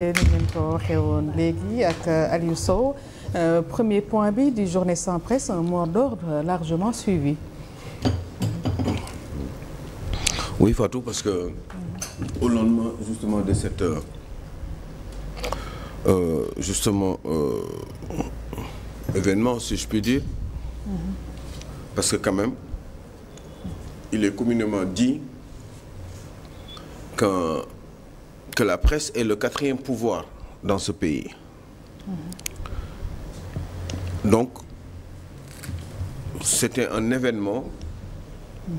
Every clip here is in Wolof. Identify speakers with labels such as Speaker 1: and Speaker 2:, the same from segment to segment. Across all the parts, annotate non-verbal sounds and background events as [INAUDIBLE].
Speaker 1: ñu leen woon ak Aliou Sow euh, premier point bi di journée sans presse un mot d'ordre largement suivi.
Speaker 2: oui parce que au lendemain justement de cette euh, euh, euh, événement si je puis dire. parce que quand même il est communément dit qu'un que la presse le quatrième pouvoir dans ce pays. Mmh. un événement mmh.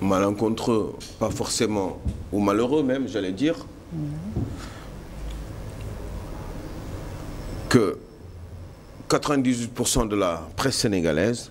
Speaker 2: malencontreux, pas forcément, de la presse sénégalaise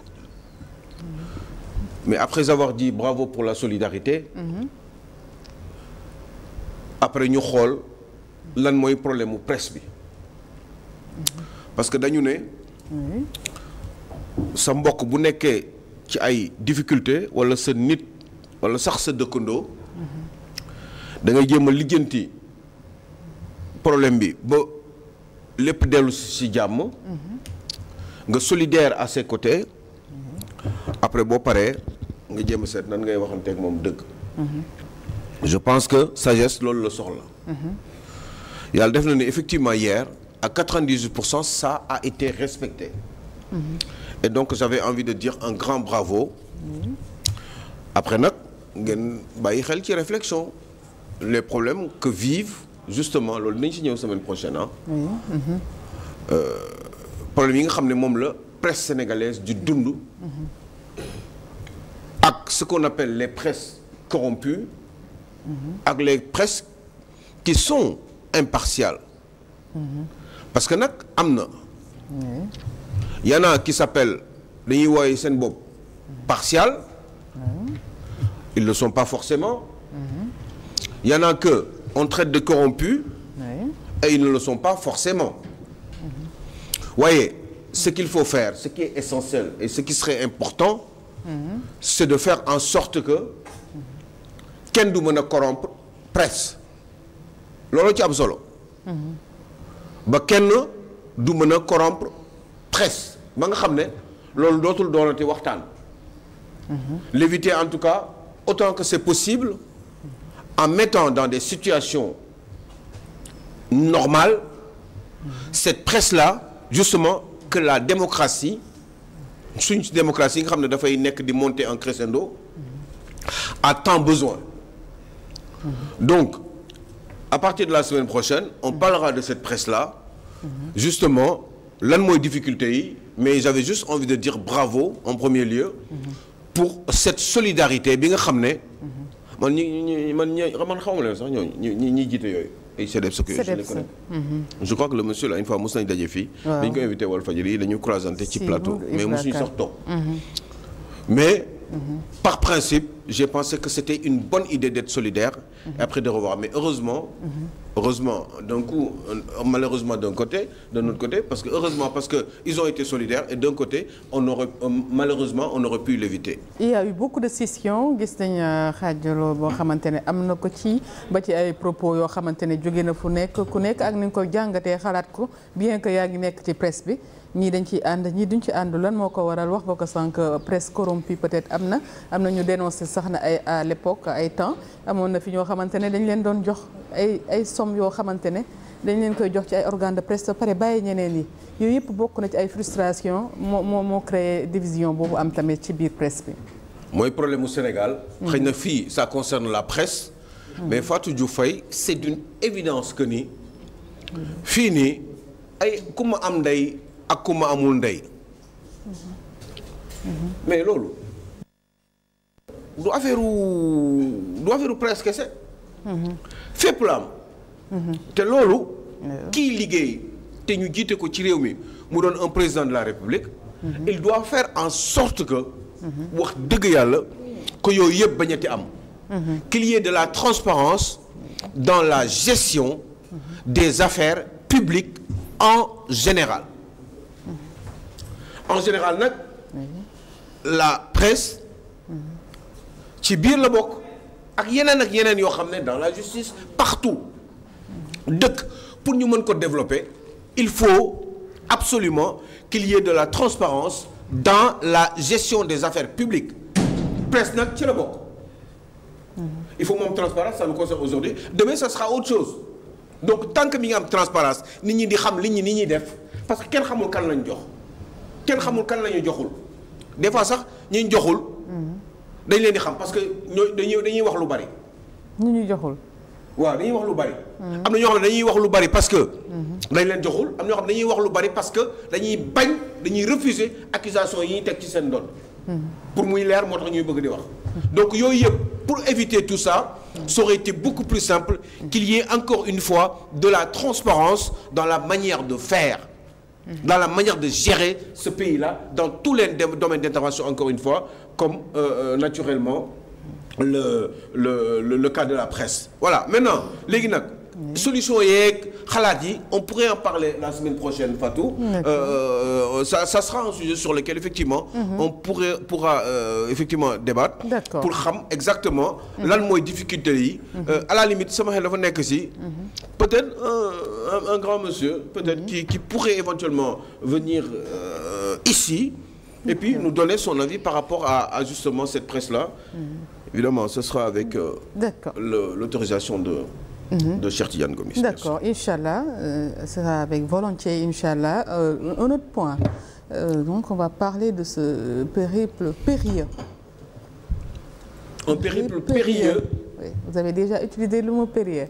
Speaker 2: mais après avoir dit bravo pour la solidarité. après ñu xool lan mooy problème mu presse bi. parce que dañu ne. sa mbokk bu nekkee ci ay difficulté walla sa nit walla sax sa dëkkandoo. Mhm. dangay ngay jéem a lijjanti problème bi ba lépp dellu ci jàmm.
Speaker 3: Mhm.
Speaker 2: nga solidaire à ses côtés. Mhm. après boo paree nga jéem a seet nan ngay waxanteeg moom dëgg. Mhm. je pense que sagesse loolu la soxla. Mhm. yàlla def na ne effectivement hier à 98 pour cent ça a été respecté. Mhm. et donc j'avais envie de dire un grand bravo. après nag ngeen bàyyi xel ci réflexion les problèmes que vivent justement loolu nañ si ñëw semaine prochaine ah. problème yi nga xam ne moom la presse sénégalaise du dund. ak ce qu'on appelle les presses corrompues mhm. ak les presses qui sont impartiales mhm. parce que nag am na yana qui s'appelle dañuy wooye seen bopp mhm. partial ils ne sont pas forcément yana que on traite de corrompus et ils ne le sont pas forcément voyez ce qu'il faut faire ce qui est essentiel et ce qui serait important c'est de faire en sorte que kenn du mën a corrompre presse loolu ci am solo. ba kenn du mën a corrompre presse ba nga xam ne loolu dootul doonati waxtaan. l'éviter en tout cas autant que c'est possible en mettant dans des situations normales cette presse-là justement que la démocratie. suñ démocratie yi nga xam ne dafay nekk di monter en crescendo à tant besoin donc à partir de la semaine prochaine on parlera de cette presse là justement lan mooy difficulté yi mais j'avais juste envie de dire bravo en premier lieu pour cette solidarité bi nga xam ne man ñi man ñi man xawma leen sax ñooñu ñi ñi jiite yooyu ay CEDEPS que je les connais. Mm-hmm. je crois que le monsieur là une fois mos nañu daje fii. dañu ko ci plateau. mais mosuñu sax toog mais mm-hmm. par principe. je pense que c'était une bonne idée d'être solidaire et mhm. après de revoir mais heureusement mhm. heureusement d'un coup euh, malheureusement d'un côté d'un autre côté parce que heureusement parce que ils ont été solidaires et d'un côté on aurait euh, malheureusement on pu l'éviter
Speaker 1: il y a de scissions gis nañ xaajaloo euh, boo xamante ne am na ko ci ba ci ay propos yoo xamante ne jóge na fu nekk ku nekk ak ni nga ko jàngatee xalaat ko bien que yaa ngi nekk ci presse bi ñii dañ ciy ànd ñii duñ ci ànd lan moo ko waral wax nga ko sànq presse corrompue peut-être am na am na ñu dénoncé sax na ay à l'époque ay temps amoon na fi ñoo xamante ne dañ leen doon jox ay ay somme yoo xamante ne dañ leen koy jox ci ay organe de presse pare bàyyi ñeneen yi yooyu yëpp bokk na ci ay frustration moo moo moo créé division boobu am tamit ci biir presse bi.
Speaker 2: mooy problème mu Sénégal. Mm. xëy na fii ça concerne la presse. Mm. mais Fatou Diouf Faye c'est d'une évidence que ni. fii nii ay ku am ndey. ak ku amul ndey mais loolu du affaire du affaire fépp la am te loolu kii liggéey te ñu jiite ko ci réew mi mu doon un président de la république il doit faire en sorte que wax dëgg yàlla que yooyu yëpp bañati am qu'il y de la transparence dans la gestion des affaires publiques en général en général nag la presse ci biir la bokk ak yeneen ak yeneen yoo xam ne dans la justice partout dëkk pour ñu mën ko développer il faut absolument qu'il y de la transparence dans la gestion des affaires publiques presse nag ci la bokk il faut moom transparence ça nous concerne aujourd'hui demain ça sera autre chose donc tant que mi nga am transparence nit ñi di xam li ñi ni ñuy def parce que kenn xamul kan lañ jox kenn xamul kan la ñu joxul des fois sax ñi ñu joxul. dañ leen di xam parce que ñoo dañuy dañuy wax lu bari. ñu waaw dañuy wax lu bari. am na ñoo xam ne dañuy wax lu bari parce que. dañ leen joxul am ñoo xam ne dañuy wax lu bari parce que dañuy bañ dañuy refuser accusation yi ñu teg ci seen doon. pour muy leer moo tax ñuy bëgg di wax. donc yooyu yëpp pour éviter tout ça. ça aurait été beaucoup plus simple. qu'il y encore une fois de la transparence dans la manière de faire. dans la manière de gérer ce pays-là dans tous les domaines d'intervention encore une fois comme euh, euh, naturellement le, le le le cas de la presse voilà maintenant léegi nag solution yeeg xalaat yi on pourrait en parler la semaine prochaine Fatou. Euh, euh, ça ça sera un sujet sur lequel effectivement. Mhm. on pourra euh, débattre. pour xam exactement. Mhm. lan mooy difficulté yi. Mhm. Euh, à la limite sama xel dafa nekk si. peut-être un, grand monsieur. peut-être qui qui pourrait éventuellement venir ici. et puis nous donner son avis par rapport à, à justement cette presse-là. Évidemment, ce sera avec l'autorisation de Mhm. de Cheikh
Speaker 1: d'accord incha allah euh, ce sera avec volontiers incha allah euh, un autre point euh, donc on va parler de ce périple périlleux.
Speaker 2: un périple périlleux.
Speaker 1: vous avez déjà utilisé le mot et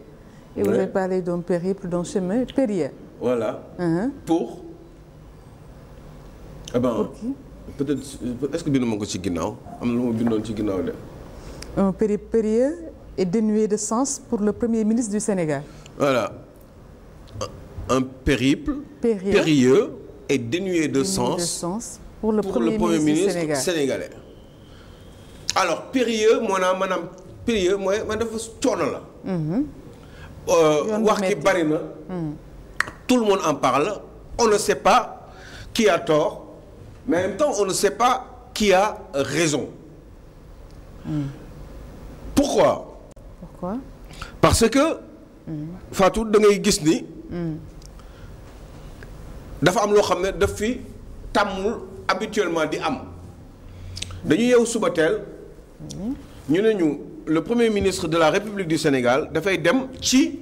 Speaker 1: vous avez parlé d'un périple d'un chemin périlleux. voilà. Uh-huh.
Speaker 2: Ah peut-être est-ce que bindu ma ko ci ginnaaw am na lu ma bindoon ci ginnaaw de.
Speaker 1: un périple périlleux. est dénué de sens pour le Premier ministre du Sénégal.
Speaker 2: Voilà. Un périple périlleux, périlleux est dénué de, dénué sens,
Speaker 1: pour le pour Premier, le premier ministre, ministre Sénégal.
Speaker 2: sénégalais. alors périlleux maanaam maanaam périlleux mooy man dafa coono la. Mhm. Euh, wax bari na. Mhm. tout le monde en parle on ne sait pas qui a tort mais en même temps on ne sait pas qui a raison. Mhm. Pourquoi? pourquoi. parce que. Fatou da ngay gis ni. dafa am loo xam ne daf fi tàmmul habituellement di am. dañu yeewu suba teel. ñu ne ñu le premier ministre de la République du Sénégal dafay dem ci.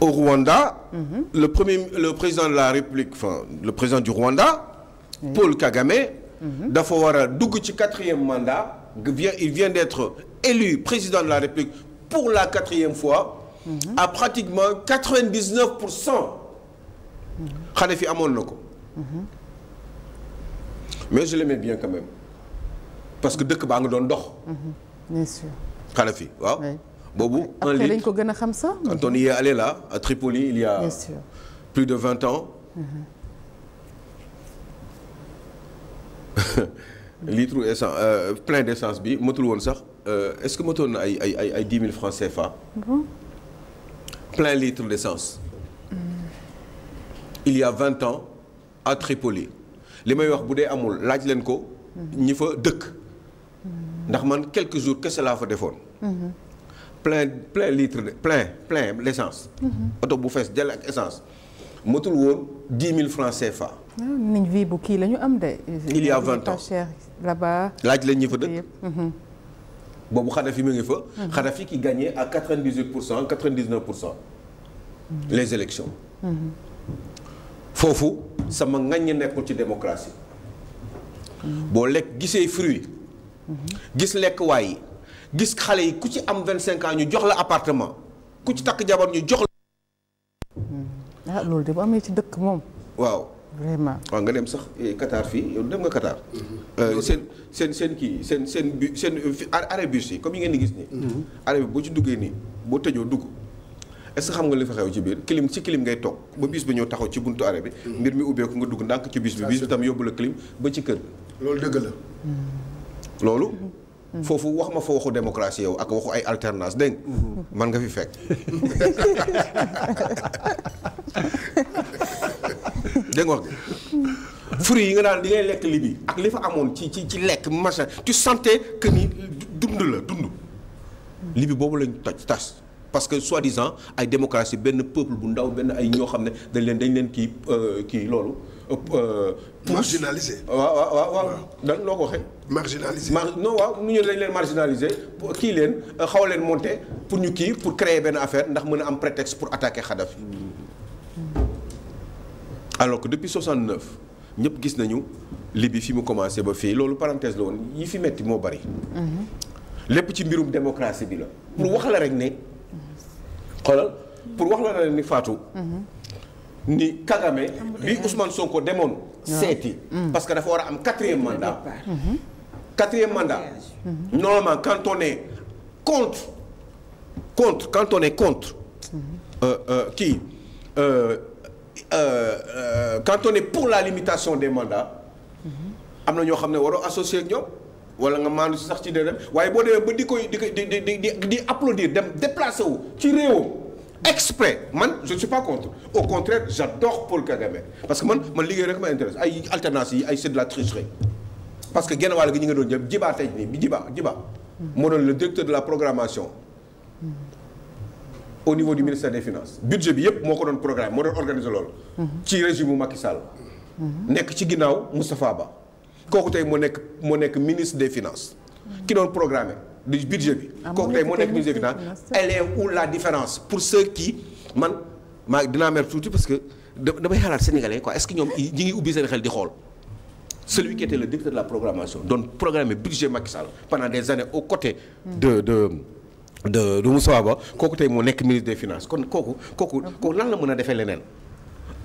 Speaker 2: au Rwanda. Mmh. le premier le président la République enfin le président du Rwanda. Mmh. Paul Kagame. Mhm. dafa war a dugg ci quatrième mandat. vient, il vient d'être élu président de la République pour la quatrième fois mhm. à pratiquement 99 pour cent xale fi amoon na ko mhm. mais je l'aimais bien quand même parce que dëkk baa nga doon dox
Speaker 3: mhm. bien sûr
Speaker 2: xale fi waaw
Speaker 1: ko gën a xam sax quand on
Speaker 2: y est allé là à Tripoli il y a plus de vingt ans [LAUGHS] litre essence euh, plein d' essence bi matul woon sax euh, est ce que matoon na ay ay ay ay dix mille francs CFA. bon plein litre d' essence. il y a vingt ans à li may wax bu dee amul laaj leen ko. ñi fa dëkk. ndax man quelque jours kese laa fa defoon. Mhm. plein plein litre de plein plein d' mhm. oto bu fees dell ak essence. matul woon dix mille francs CFA.
Speaker 1: Ah, niñ vie bu kii la ñu am de. il a vingt ans là-bas.
Speaker 2: laaj la ñi fa dëkk. Mhm. boobu Kadhafi mu ngi fa. Kadhafi mhm. ki gagné à quatre vingt dix huit pour cent quatre vingt dix neuf pour mhm. les élections. foofu sama ngañ nekkul ci démocratie. boo lekk gisee fruit. gis lekk waay yi gis xale yi ku ci am vingt cinq ans ñu jox la appartement ku ci takk jabar ñu jox
Speaker 1: ah loolu de bu amee ci dëkk
Speaker 3: moom. waaw vraiment.
Speaker 2: waaw nga dem sax eh, Qatar fii yow dem nga Qatar. Mm-hmm. Euh, seen seen seen kii seen seen bi seen arrêt bus yi comme yi ngeen di gis nii. Mm-hmm. arrêt bi boo ci duggee nii boo tëjoo dugg. est-ce xam nga li fa xew ci biir kilim si kilim ngay toog ba bis ba ñoo taxaw ci buntu arrêt bi. Mm-hmm. mbir mi ubbeeku nga dugg ndànk ci bis bi. bis bi tam yóbbu la clim ba ci kër. loolu dëgg la. loolu. foofu wax ma fa waxu démocratie yow ak waxu ay alternance dégg man nga fi fekk. [LAUGHS] [LAUGHS] dégg nga wax gi fruits yi nga naan li ngay lekk li ak li fa amoon ci ci ci lekk machin tu sentais que ni dund la dund li boobu lañ toj tas parce que soi-disant ay démocratie benn peuple bu ndaw benn ay ñoo xam ne dañ leen dañ leen kii euh, kii loolu euh, marginalisé waaw waaw waaw dan loo ko waxee marginalisé non waaw nu ñu dañ leen kii leen xaw leen monter pour ñu kii pour créer benn affaire ndax mën a am prétexte pour attaquer Kadhafi alors que depuis 69 ñëpp gis nañu li fi mu commencé ba fii loolu parenthèse la yi fi metti moo bari. Mhm. lépp ci mbirum démocratie bi la. pour wax la rek ne. xoolal pour wax la rek ne Fatou. Mhm. ni Kagame bi Ousmane Sonko demoon. seeti. Mhm. parce que dafa war a am quatrième mandat. quatrième mandat. normalement quand on contre. contre contre. kii. Euh, euh, euh, euh, pour la limitation des mandats. am na ñoo xam ne waroo associé ak ñoom. wala nga maandu si sax ci dërëm waaye boo demee ba di koy di di di di di applaudir dem déplacé wu ci réewam. exprès man je ne suis pas contre au contraire j'adore Paul Kagame parce que man man liggéey rek ma intéresse ay alternance yi ay c'est de la tricherie parce que genn wàll gi ñu nga doon jëm jibaa tey nii bi jibaa jibaa moo doon le directeur de la programmation au niveau du ministère des finances budget bi yëpp moo ko doon programme moo doon organiser loolu. ci régime bu Macky Sall. nekk ci ginnaaw Moustapha Ba kooku tey moo nekk moo nekk ministre des finances. ki doon programmé du budget bi. Ah, kooku tey moo nekk ministre des finances. elle est où la différence pour ceux qui man maa dinaa mer tuuti parce que damay xalaat sénégalais quoi est-ce que ñoom ñi ngi ubbi seen xel di xool. celui qui était le directeur de la programmation doon programmer budget Macky Sall pendant des années aux côtés de de. de de Moussa Ba kooku tey moo nekk ministre des finances kon kooku kooku kooku lan la mën a defee leneen.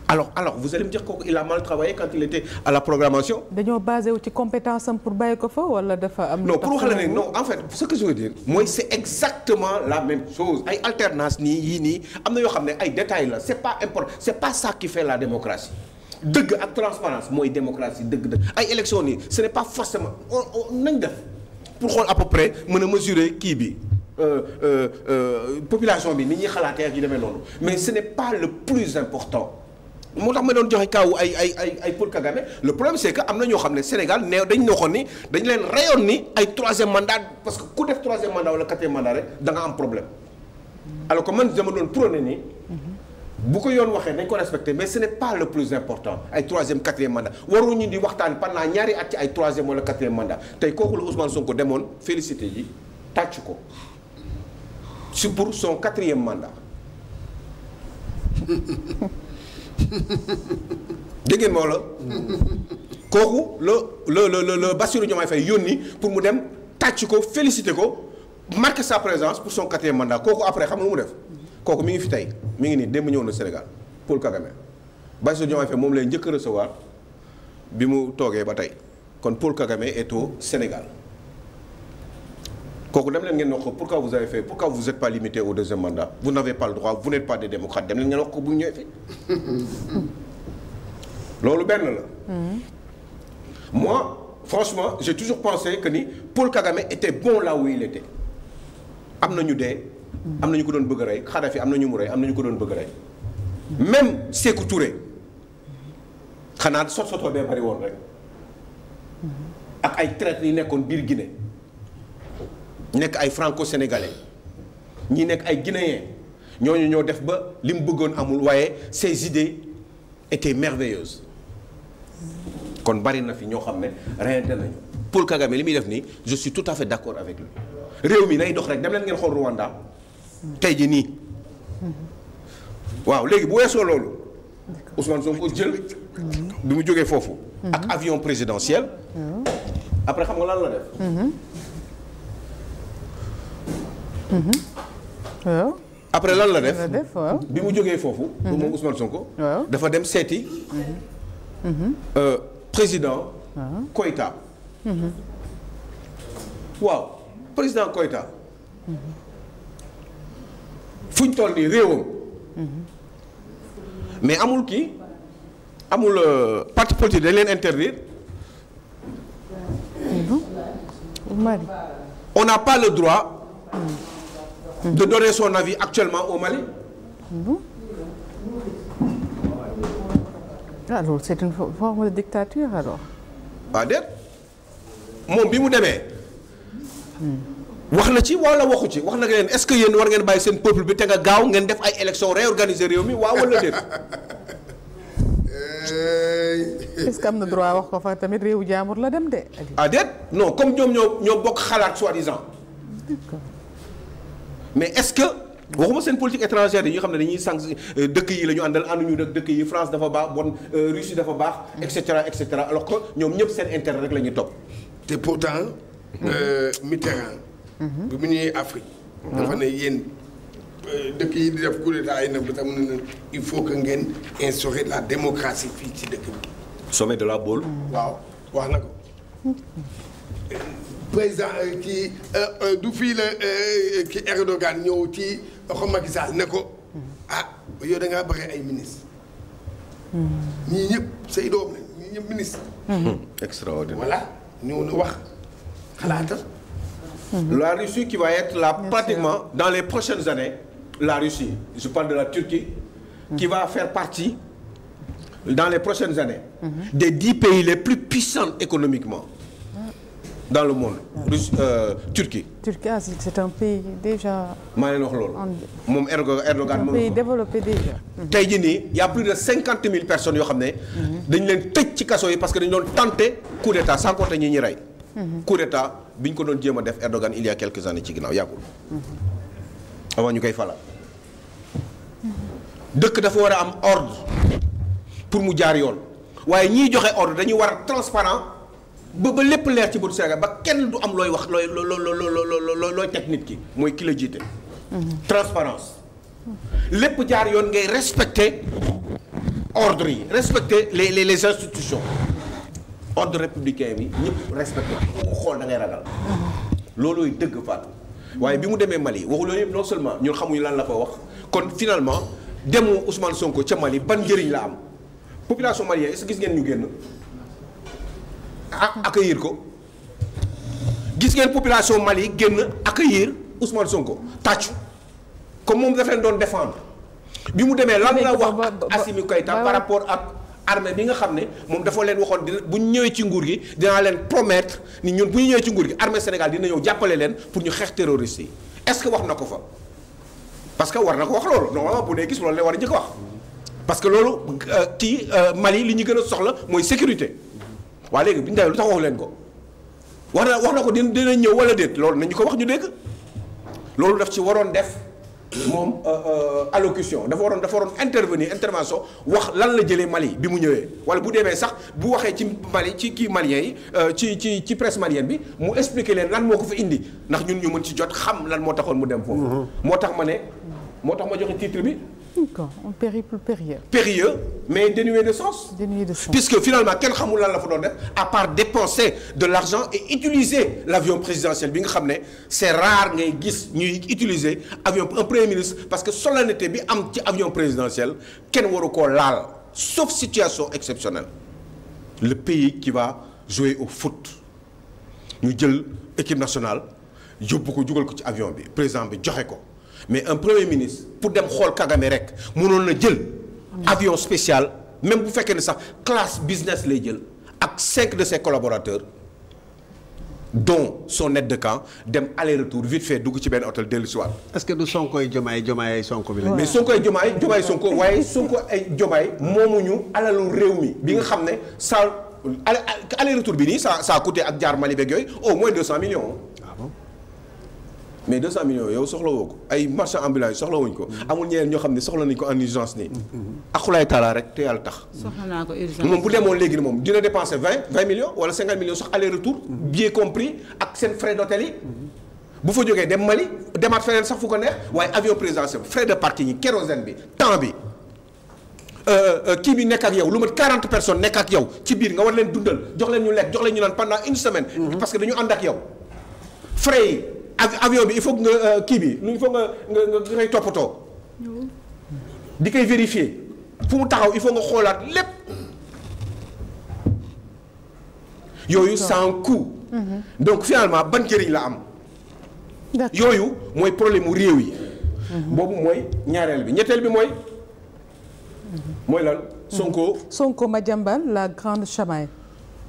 Speaker 2: alors alors vous allez me dire kooku il a mal travaillé quand la programmation. dañoo basé wu ci compétence am pour bàyyi ko
Speaker 1: fa wala dafa am. non pour wax la ne non
Speaker 2: en fait ce que je veux dire. mooy c' est exactement la même chose ay alternance nii yii nii am na yoo xam ne ay détails la c' est pas important c' est pas ça qui fait la démocratie. dëgg ak transparence dëgg-dëgg ay élection nii ce n' est pas forcément nañ def a mesurer kii bi. Euh, euh, euh, population bi ni ñuy xalaatee ak yu demee noonu mais ce n'est pas le plus important moo tax ma doon joxe kaw ay ay ay ay Paul Kagame le problème c'est que am na ñoo xam ne Sénégal nee dañ waxoon ni dañ leen rayoon ni ay troisième mandat parce que ku def troisième mandat wala quatrième mandat rek da nga am problème alors que man dama doon prôné nii bu ko yoon waxee dañ ko respecté mais ce n'est pas le plus important ay troisième quatrième mandat waruñu di waxtaan ñaari at ci ay troisième wala quatrième mandat tey kooku la Ousmane Sonko demoon félicité tàcc ko c'est pour son quatrième mandat dégg ngeen moo la kooku loo la la la Bassirou Diomaye Faye yónni pour mu dem tàcc ko félicité ko marquer sa présence pour son quatrième mandat kooku après xam lu mu def kooku mi ngi fi tey mi ngi nii démb ñëw na Sénégal Paul Kagame Bassirou Diomaye Faye moom lay njëkk recevoir bi mu toogee ba tey kon Paul Kagame est Sénégal kooku dem leen ngeen wax ko pourquoi vous avez fait pourquoi vous êtes pas limité au deuxième mandat vous n'avez pas le droit vous n'êtes pas des démocrates dem leen ngeen wax ko bu ñëwee fi [LAUGHS] loolu benn la. Hmm. moi franchement j'ai toujours pensé que ni Paul Kagame était bon là où il était am na ñu dee. am na ñu ko doon bëgg a rey Kadhafi am na ñu mu rey am na ñu ko doon bëgg a rey. même Sékou Touré xanaa sot sotoo bee bari woon rek. Hmm. ak ay traîtres yi nekkoon biir Guinée. nekk ay franco-sénégalais ñi nekk ay guinéens ñooñu ñoo def ba li mu bëggoon amul waaye ses idées étaient merveilleuses kon bari na fi ñoo xam ne reyante nañu pour Kagame li muy def nii je tout à fait d'accord avec lui réew mi nay dox rek dem leen ngeen xool Rwanda tey ji nii waaw léegi bu weesoo loolu Ousmane Sonko jël bi mu jógee foofu mm-hmm. ak avion présidentiel mm-hmm. après xam nga lan la def
Speaker 3: mm-hmm. Mm-hmm.
Speaker 2: waaw. après lan la def bi mu jógee foofu. pour moom mm-hmm. Ousmane Sonko. dafa dem seeti. Mm-hmm. Euh, président. Koita. waaw président Koita. fuñ toll nii réewam. mais amul kii amul euh, parti politique dañ leen interdire. on n'a pas le droit. Mm. de donner son avis actuellement au Mali.
Speaker 1: ah loolu c'est une forme de dictature alors.
Speaker 2: ah moom bi mu demee. wax na ci wala waxu ci wax na leen est-ce que yéen war ngeen bàyyi seen peuple bi te nga gaaw ngeen def ay élections réorganiser réew mi waaw wala déet.
Speaker 1: est am na droit wax ko fa tamit réewu jaamur la dem de.
Speaker 2: ah déet non comme ñoom ñoo bokk xalaat soi-disant. mais est-ce que waxuma seen politique étrangère yi nga xam ne dañuy sànq euh, dëkk yi la ñu àndal ànduñu ak dëkk yi France dafa baax bon euh, Russie dafa baax. et cetera et cetera alors ñoom ñëpp seen intérêt rek la ñuy topp. te pourtant.
Speaker 4: Euh, Mitterrand. bi mu ñëwee Afrique. dafa ne yéen dëkk yi di def coup d'état ay nëb sax mu il faut que ngeen instaurer la démocratie fii ci dëkk bi.
Speaker 2: sommet de la Baule.
Speaker 4: waaw wax na ko. président kii euh, euh, euh, du fii la ki Erdogan ñëw ci xaw Macky Sall ne ko ah yow da ngaa ay ministre hmm. ñii ñëpp say doom la ñii ñëpp ministre
Speaker 2: hmm. extraordinaire voilà ñëw na wax xalaatal hmm. la Russie qui va être là pratiquement dans les prochaines années la Russie je parle de la Turquie qui va faire partie dans les prochaines années des dix pays les plus puissants économiquement dans le monde. Russie euh, Turquie.
Speaker 1: Turquie ah, c'est un pays leen
Speaker 2: wax loolu. moom Erdogan Erdogan moom. pays
Speaker 1: développé déjà.
Speaker 2: Mm-hmm. tey jii nii y' plus de cinquante mille personnes yoo xam ne. Mm-hmm. dañu leen tëj ci kaso yi parce que dañu doon tenté coup d' état sans compter ñi ñi rey. Mm-hmm. coup d' bi ñu ko doon jéem a def Erdogan il y a quelques années ci ginnaaw yàggul. avant ñu koy falal. dëkk dafa war a am ordre pour mu jaar yoon waaye ñiy joxe ordre dañu war a transparent ba ba lépp leer ci bëtu Sénégal ba kenn du am looy wax looy loo loo looy teg nit ki mooy ki la jiite. Mhm. transparence lépp jaar yoon ngay respecter ordre yi respecter les les les institutions ordre républicain bi ñëpp respecté ku ko xool da ngay ragal. Mhm. loolooy dëgg faatu waaye bi mu demee Mali waxu loolu yëpp non seulement ñun xamuñu lan la fa wax kon finalement demu Ousmane Sonko ca Mali ban njëriñ la am population malienne est-ce que gis ngeen ñu génn. yiir ko gis ngeen population Mali génn accueillir Ousmane Sonko tàccu comme moom daf leen doon défendre bi mu demee lan la wax Assimi Koïta par rapport ak armée bi nga xam ne moom dafa leen waxoon dina bu ñu ñëwee ci nguur gi dinaa leen promettre ni ñun bu ñu ñëwee ci nguur gi armée Sénégal dina ñëw jàppale leen pour ñu xeex terroriste yi est-ce que wax na ko fa parce que war na ko wax loolu normalement bu dee gis loolu la war a njëkk wax parce que loolu ci euh, euh, Mali li ñu gën a soxla mooy sécurité waa léegi bi ñu demee lu tax waxu leen ko wax na wax na ko dina dina ñëw wala déet loolu nañu ko wax ñu dégg loolu daf ci waroon def moom euh, euh, allocution dafa waroon dafa waroon intervention wax lan la jëlee Mali bi mu ñëwee wala bu demee sax bu waxee ci Mali ci kii malien yi euh, ci ci ci presse malienne bi mu expliquer leen lan moo ko fa indi ndax ñun ñu mën ci jot xam lan moo taxoon mu dem foofu. Mm-hmm. moo tax ma ne moo tax ma joxe titre bi.
Speaker 1: D'accord, un périple
Speaker 2: périlleux. mais dénué de sens. Dénué de sens. Puisque finalement kenn xamul lan la fa doon def à part dépenser de l'argent et utiliser l'avion présidentiel bi nga xam ne c'est rare ngay gis ñuy utiliser avion un premier ministre parce que solennité bi am ci avion présidentiel kenn waru koo laal sauf situation exceptionnelle. le pays qui va jouer au foot ñu jël équipe nationale yóbbu ko jugal ko ci avion bi présent bi joxe ko. mais un premier ministre pour dem xool Kagame rek mënoon la jël avion spécial même bu fekkee ne sax classe business lay jël ak cinq de ses collaborateurs donc son aide de camp dem aller-retour vite fait dugg ci benn hôtel dellu si waat. est-ce que du son ay Diomaye Diomaye ay Sonko bi la. mais Sonko ay Diomaye Diomaye Sonko waaye Sonko ay Diomaye moomuñu alalu réew mi bi nga xam ne sa aller retour bi nii sa ça coûté ak jaar Mali beeg yooyu au moins deux cent millions. mais 200 millions yow soxla woo ko ay marchands ambulants yi soxla wuñ ko. Mm-hmm. amul ñeneen ñoo xam ne soxla nañ ko en urgence nii. Mm-hmm. akulaay taalaa rek te yàlla tax. soxla naa ko urgence moom bu demoon léegi moom dina dépenser 20 20 millions wala 50 millions sax aller retour. Mm-hmm. bien compris ak seen frais d'hôtel yi. bu fa jógee dem Mali demaat feneen sax fu ko neex waaye avion présidentiel frais de parking yi kérosène bi temps bi. Euh, euh, kii bi nekk ak yow lu mat 40 personnes nekk ak yow ci biir nga war leen dundal jox leen ñu lekk jox leen ñu naan pendant une ak ak avion bi il faut nga euh, kii bi il faut nga nga nga koy toppatoo. di koy vérifier fu mu taxaw il faut nga xoolaat lépp. yooyu san coût. Mhm. donc finalement ban njëriñ la am. yooyu mooy problème mu réew yi. Mhm. boobu mooy ñaareel bi ñetteel bi mooy. Mhm. mooy lan Sonko.
Speaker 1: ma jàmbal la grande chamaille.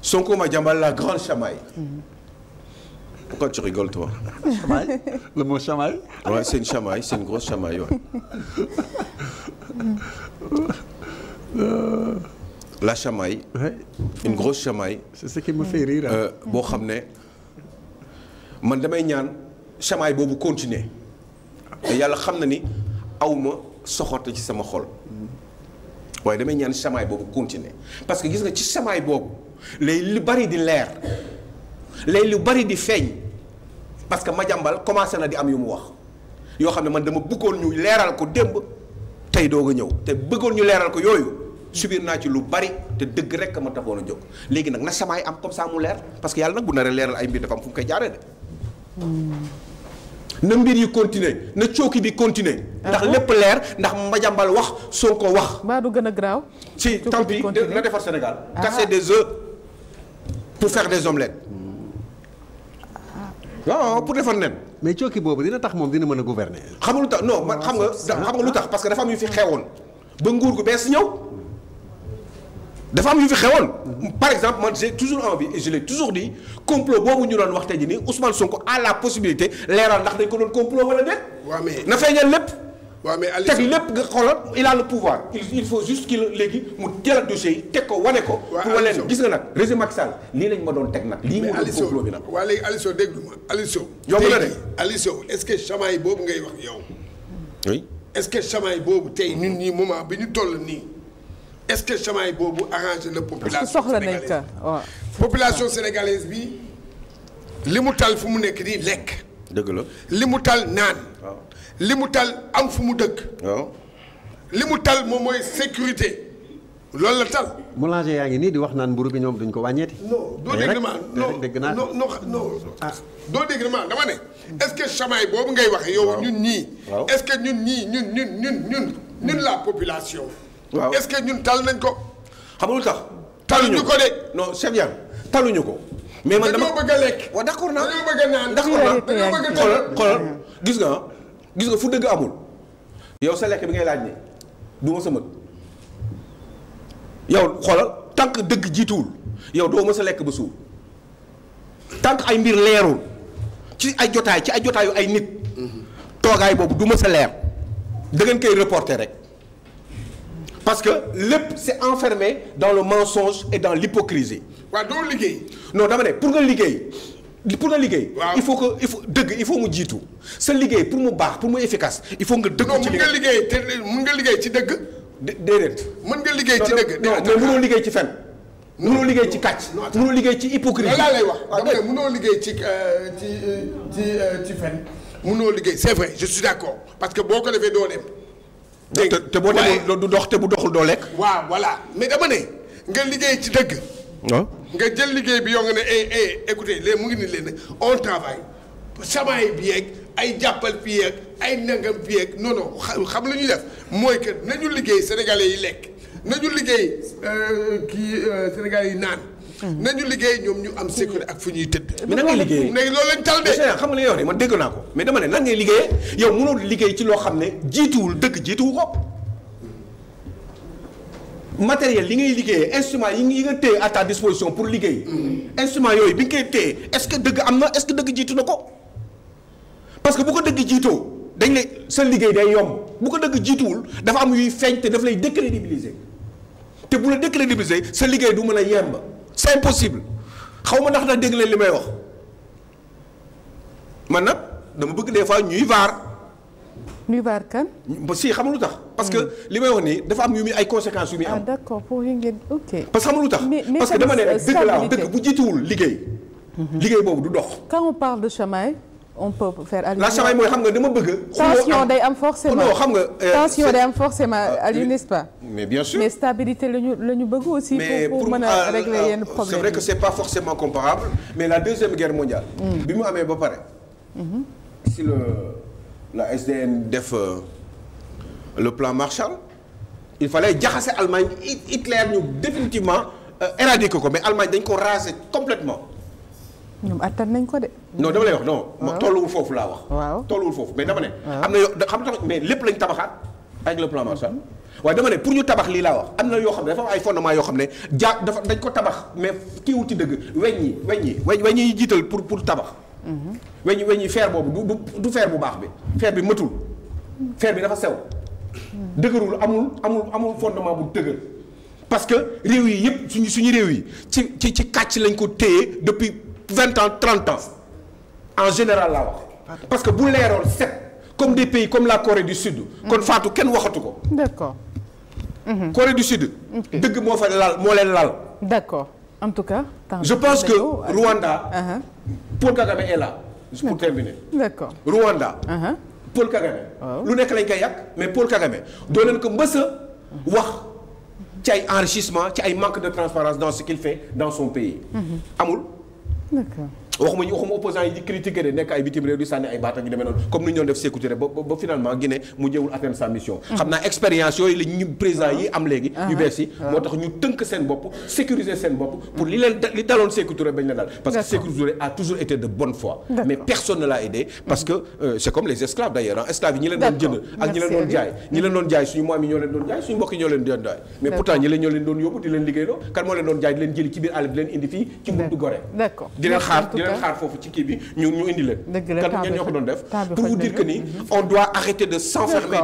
Speaker 2: Sonko Madiambal la grande chamaille. Pourquoi tu rigoles, toi Chamaille Le mot chamaille Ouais, c'est une chamaille, c'est La chamaille. Ouais. Une grosse chamaille. C'est ce euh, boo xam ne man damay ñaan chamaille boobu continuer ah. yàlla xam na ni awma soxote ci sama xol
Speaker 3: mm.
Speaker 2: waaye damay ñaan chamaille boobu continuer parce que gis nga ci chamaille boobu lay lu bari di leer lay lu bari di feeñ. parce que Madiambal commencé na di am yu mu wax yoo xam ne man dama bëggoon ñu leeral ko démb tey doog a ñëw te bëggoon ñu leeral ko yooyu subir naa ci lu bari te dëgg rek ma taxoon a jóg léegi nag na samaay am comme ça mu leer parce que yàlla nag bu naree leeral ay mbir dafa am fu mu koy jaaree de. Hmm. na mbir yi continuer na cooki bi continuer ndax ah. lépp leer ndax Madiambal wax Sonko wax. mbaa du gën a graaw. ci tant pis na defar Sénégal. Ah. casser des œufs pour faire des omelettes. waaw pour defar nen. mais cooki boobu dina tax moom dina mën a gouverner. xamul nga lu tax non xam nga xam nga lu tax parce que dafa am yu fi xewoon ba nguur gu bees ñëw dafa am yu fi xewoon. par exemple man j'ai toujours envie et je l'ai toujours di complot boobu ñu doon wax tey jii nii Ousmane Sonko à la possibilité leeral ndax dañ ko doon complot wala déet.
Speaker 4: waaw mais na feeñal
Speaker 2: lépp. waaw mais Aliou teg lépp nga xoolal il a le pouvoir il il faut juste qu'il léegi mu teel a dossier yi
Speaker 4: teg ko wane ko. waaw Aliou Sow leen gis nga nag régime Macky Sall lii lañ ma doon teg nag. lii mooy complot bi nag mais Aliou Sow waaw léegi Aliou Sow dégg nga Aliou Sow. yomb na de Aliou Sow est-ce que chamaille boobu ngay wax yow. oui est-ce que chamaille boobu tey ñun ñii moment bi ñu toll nii est-ce que chamaille boobu arrangé na population. soxla nañ ka waaw population sénégalaise bi li mu tal fu mu nekk nii lekk. dëgg la li mu tal naan. li mu tal am fu mu dëkk. li mu tal moom mooy sécurité loolu la tal.
Speaker 2: boulanger yaa ngi nii di wax naan mburu bi ñoom duñ ko wàññeeti.
Speaker 4: non doo dégg ma non non ah. doo dégg ma dama ne est-ce que chamaay boobu ngay wax yow ñun ñii. est-ce que ñun ñii ñun ñun ñun ñun ñun la population. waaw est-ce que ñun tal nañ ko. xamul nga lu tax. taluñu ko de non Cheikh taluñu ko. mais man dama dañoo bëgg a lekk. waaw d'accord naa dañoo bëgg a naan d'accord naa bëgg a xoolal xoolal
Speaker 2: gis nga gis nga fu dëgg amul yow sa lekk bi ngay laaj ni du ma sa mët yow xoolal tànk dëgg jiituwul yow doo ma sa lekk ba suur tànk ay mbir leerul ci ay jotaay ci ay jotaayu ay nit toogaay boobu du ma sa leer da ngeen koy reporter rek parce que lépp c'est enfermé dans le mensonge et dans l'hypocrisie waaw doo liggéey non dama ne pour nga liggéey pour nga liggéey. il faut que il faut dëgg il faut mu jiitu sa liggéey pour mu baax pour mu efficace il faut nga dëgg.
Speaker 4: ci liggéey non mën nga liggéey te mën liggéey ci dëgg. déedéet. mën nga liggéey ci dëgg. déedéet liggéey ci fen. mënoo liggéey liggéey ci hypocrisie. laa lay wax dama ne mënoo liggéey ci ci ci liggéey c'est vrai je d'accord parce que boo ko defee doo dem. dégg te boo demul du dox te bu doxul doo lekk. waaw voilà mais dama ne nga liggéey ci dëgg. Ah. nga jël liggéey bi yoo nga ne eh eh mu ngi nii leen on travaille samaay bi yeeg ay jàppal fii yeeg ay nangam fii yeeg non xam lu ñuy def mooy que nañu liggéey sénégalais yi lekk nañu liggéey euh, kii euh, sénégalais yi naan. nañu liggéey ñoom ñu am sécurité ak fu ñuy tëdd. mais nan ngay liggéeyee mais loolu lañ tal de.
Speaker 2: xam nga li yow de man dégg naa ko mais dama ne nan ngay liggéeyee
Speaker 4: yow mënoo liggéey ci loo xam
Speaker 2: ne jiituwul dëkk jiituwu ko. matériel li ngay liggéeyee instrument yi nga téye à ta disposition pour liggéey mm-hmm. instrument yooyu bi nga koy téye est-ce que dëgg am na est-ce que dëgg jiitu na ko parce que bu ko dëgg jiitoo dañ lay sa liggéey day yomb bu ko dëgg jiituwul dafa am yuy feeñ te daf lay décrédibiliser te bu la décrédibiliser sa liggéey du mën a yemb c'est impossible xaw ma ndax na dégg leen li may wax man nag dama bëgg des fois ñuy vaar nuyu baar kan. si xam lu tax. parce que hmm. li may wax nii dafa am yu muy ay conséquences yu muy am. ah
Speaker 1: d'accord pour yu ngeen
Speaker 2: ok. parce que xam lu tax parce que dama ne rek bu jiituwul liggéey. Mhm. liggéey boobu du dox.
Speaker 1: quand on parle de chamaille. on peut faire allusion la chamaille mooy xam nga
Speaker 2: dama bëgg. tension
Speaker 1: day am forcément non xam nga. Euh, tension day am forcément ah, Aliou n'est-ce pas. mais bien sûr mais stabilité la ñu la ñu bëgg aussi.
Speaker 2: pour pour mën a euh, régler yenn problème euh, c'est vrai que deuxième guerre mondiale. Hmm. bi mu amee ba pare. Mhm. si le. la SDN def euh, le plan Marshall il fallait jaxase Allemagne Hitler ñu définitivement euh, éradiquer ko mais Allemagne dañ ko raser completement
Speaker 1: ñoom attan nañ ko de.
Speaker 2: non dama lay wax non. waaw tolluwul foofu laa wax. waaw tolluwul foofu mais dama ne. am na yoo xam mais lépp lañ tabaxaat avec le plan Marshall. waaye dama ne pour ñu tabax lii laa am na yoo xam ne dafa am yoo xam ne ja dafa dañ ko tabax mais kiiwul ci dëgg weñ ñi weñ ñi weñ weñ ñi jiital pour pour tabax. weñu weñu feer boobu du du fer bu baax bi fer bi mëtul fer bi dafa sew dëgërul amul amul amul fondement bu dëgër parce que réew yi yëpp suñu suñu réew yi ci ci ci kàcc lañ ko téye depuis vingt ans trente ans en général laa wax parce que bu leeroon set comme de pays comme la Corée du Sud kon mm-hmm. faatu kenn waxatu ko d'accord mm-hmm. Corée du Sud dëgg moo fa laal moo leen laal d'accord en
Speaker 1: tout cas je pense que Rwanda
Speaker 2: uh-huh. Paul Kagame est là juste pour terminer. d'accord Rwanda. Uh-huh. Paul Kagame. lu nekk lañ koy yàq mais Paul Kagame doo leen ko mbës wax ci ay enrichissement ci ay manque de transparence dans ce qu'il fait dans son pays. Mm-hmm. amul. waxuma ñu waxuma opposants yi critiquer de nekk ay bitim réew sànni ay baat ak demee noonu comme ni ñu doon def sécurité ba ba finalement Guinée mu jëwul atteindre sa mission. Mm. xam naa expérience yooyu la ñu président yi am léegi. Ah, ah, yu bees yi ah. moo tax ñu tënk seen bopp sécuriser seen bopp. pour li leen daloon sécurité bañ la dal. parce que sécurité a toujours été de bonne foi. mais personne ne l'a parce que euh, c'est comme les esclaves d'ailleurs ah leen xaar foofu ci kii bi ñu ñu indi leen. dëgg la ñoo ko doon def. pour vous dire que ni on doit arrêter de s'enfermer